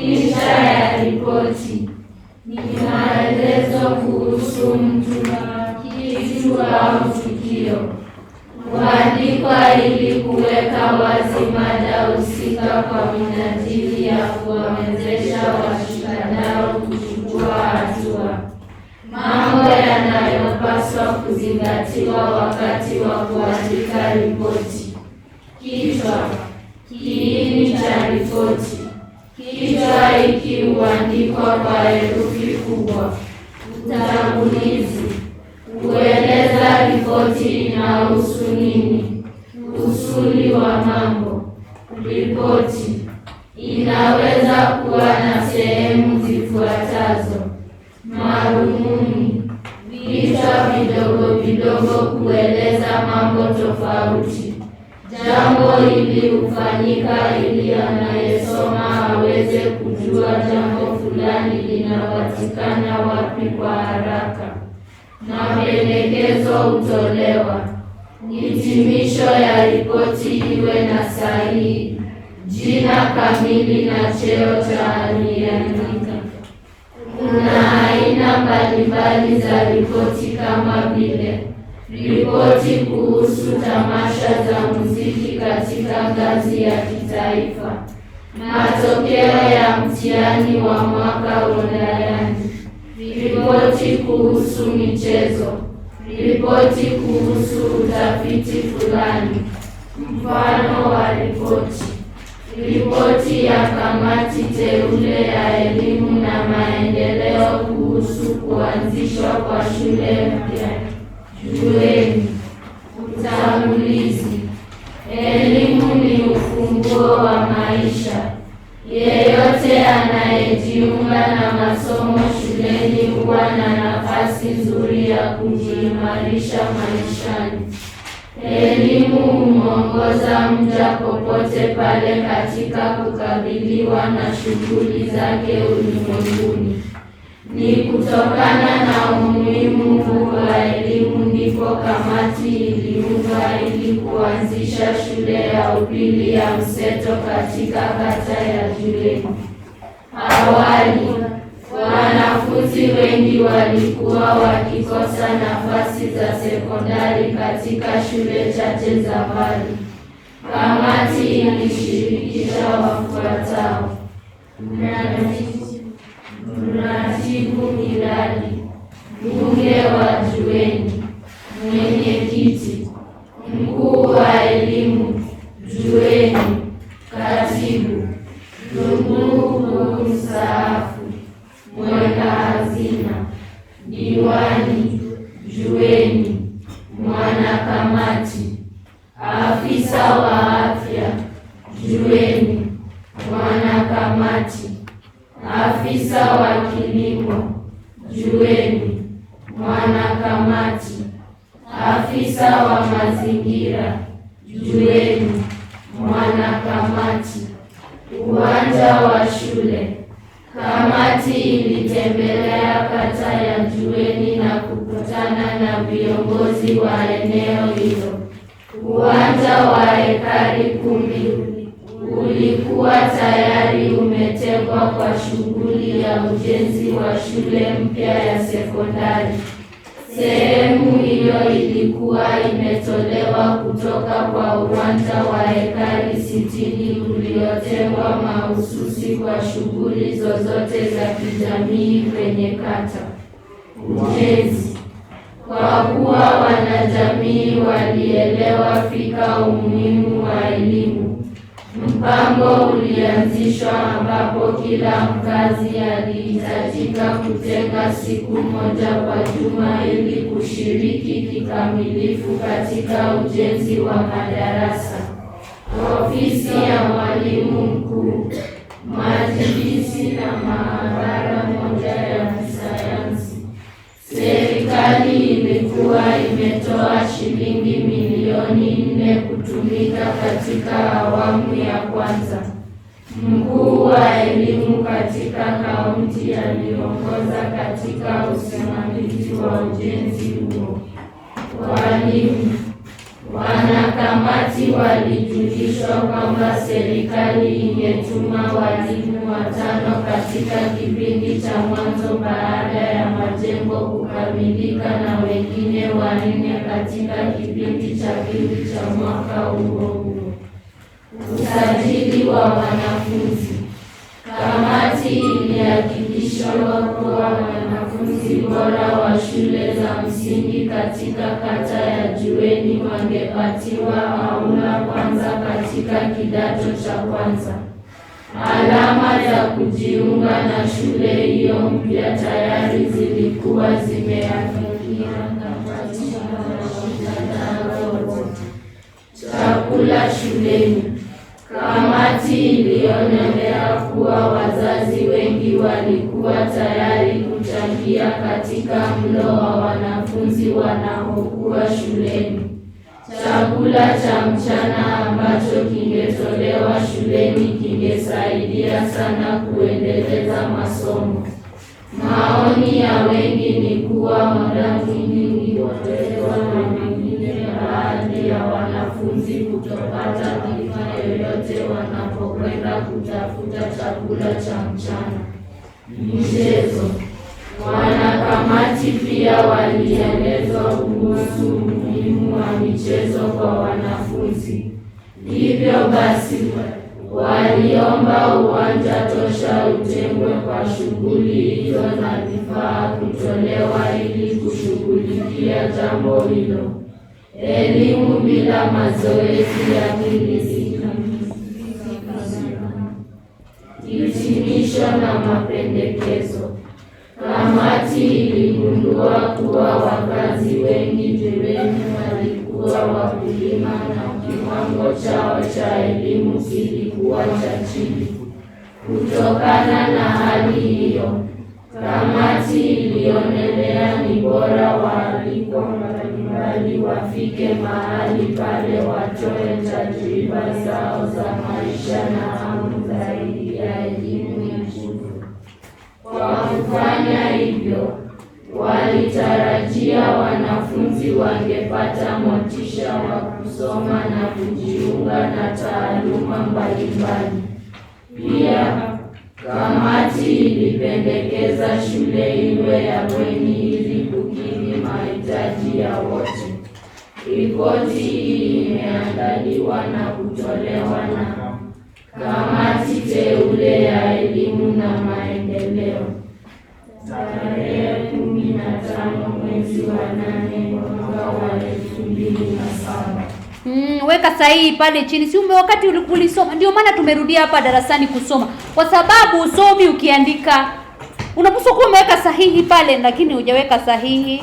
kisha ya ripoti ni maelezo kuhusu mtu, kitu au tukio, huandikwa ili kuweka wazi mada husika kwa minajili ya kuwawezesha washikadau kuchukua hatua. Mambo yanayopaswa kuzingatiwa wakati wa kuandika ripoti: kichwa, kiini cha ripoti kichwa ikiuandikwa kwa herufi kubwa. Utangulizi kueleza ripoti inahusu nini. Usuli wa mambo. Ripoti inaweza kuwa na sehemu zifuatazo: marumuni vichwa vidogo vidogo kueleza mambo tofauti, jambo ili hufanyika ili tuweze kujua jambo fulani linapatikana wapi kwa haraka, na pendekezo hutolewa. Hitimisho ya ripoti iwe na sahihi, jina kamili na cheo cha aliyeandika. Kuna aina mbalimbali za ripoti kama vile ripoti kuhusu tamasha za muziki katika ngazi ya kitaifa matokeo ya mtihani wa mwaka undayani, ripoti kuhusu michezo, ripoti kuhusu utafiti fulani, mfano wa ripoti, ripoti ya kamati teule ya elimu na maendeleo kuhusu kuanzishwa kwa shule mpya. Jueni utangulizi. Elimu ni ufunguo wa maisha. Yeyote anayejiunga na masomo shuleni huwa na nafasi nzuri ya kujiimarisha maishani. Elimu humwongoza mja popote pale katika kukabiliwa na shughuli zake ulimwenguni. Ni kutokana na umuhimu huu wa elimu ndipo kamati iliundwa kuanzisha shule ya upili ya mseto katika kata ya Juleni. Awali wanafunzi wengi walikuwa wakikosa nafasi za sekondari katika shule chache za mbali. Kamati ilishirikisha wafuatao: mratibu miradi, mbunge wa Juleni heshima. Diwani, jueni, mwanakamati, afisa wa afya, jueni, mwanakamati, afisa wa kilimo, jueni, mwanakamati, afisa wa mazingira, jueni, mwanakamati, uwanja wa shule. Kamati ilitembelea gavana na viongozi wa eneo hilo. Uwanja wa ekari kumi ulikuwa tayari umetengwa kwa shughuli ya ujenzi wa shule mpya ya sekondari. Sehemu hiyo ilikuwa imetolewa kutoka kwa uwanja wa ekari sitini uliotengwa mahususi kwa shughuli zozote za kijamii kwenye kata. Ujenzi kwa kuwa wanajamii walielewa fika umuhimu wa elimu. Mpango ulianzishwa ambapo kila mkazi alihitajika kutenga siku moja kwa juma ili kushiriki kikamilifu katika ujenzi wa madarasa, ofisi ya mwalimu mkuu, majilisi na maabara imetoa shilingi milioni nne kutumika katika awamu ya kwanza. Mkuu wa elimu katika kaunti aliongoza katika usimamizi wa ujenzi huo. Walimu Kamati walijulishwa kwamba serikali imetuma walimu watano katika kipindi cha mwanzo baada ya majengo kukamilika na wengine wanne katika kipindi cha pili cha mwaka huo huo. Usajili wa wanafunzi Kamati ilihakikishwa kuwa wanafunzi bora wa shule za msingi katika kata ya Jiweni wangepatiwa aula kwanza katika kidato cha kwanza. Alama za kujiunga na shule hiyo mpya tayari zilikuwa zimeafikiwa Chakula shuleni. Kamati ilionelea kuwa wazazi wengi walikuwa tayari kuchangia katika mlo wa wanafunzi wanaokuwa shuleni. Chakula cha mchana ambacho kingetolewa shuleni kingesaidia sana kuendeleza masomo. Maoni ya wengi ni kuwa mada nyingi na kutafuta chakula cha mchana. Michezo. Wanakamati pia walielezwa kuhusu umuhimu wa michezo kwa wanafunzi. Hivyo basi waliomba uwanja tosha utengwe kwa shughuli hizo na vifaa kutolewa ili kushughulikia jambo hilo. Elimu bila mazoezi ya akili wakazi wengi shuleni walikuwa wakulima na kiwango chao cha elimu kilikuwa cha chini. Kutokana na hali hiyo, kamati ilionelea ni bora waalikwa mbalimbali wafike mahali pale watoe tajriba zao za maisha na hamu zaidi ya elimu ya shule. Kwa kufanya hivyo Walitarajia wanafunzi wangepata motisha wa kusoma na kujiunga na taaluma mbalimbali. Pia kamati ilipendekeza shule iwe ya bweni ili kukidhi mahitaji ya wote. Ripoti hii imeandaliwa na kutolewa na kamati teule ya elimu na maendeleo tarehe kumi na tano mwezi wa nane mwaka wa elfu mbili na saba. Mm, weka sahihi pale chini, si wakati ulisoma. Ndio maana tumerudia hapa darasani kusoma, kwa sababu usomi ukiandika unapaswa kuwa umeweka sahihi pale, lakini hujaweka sahihi.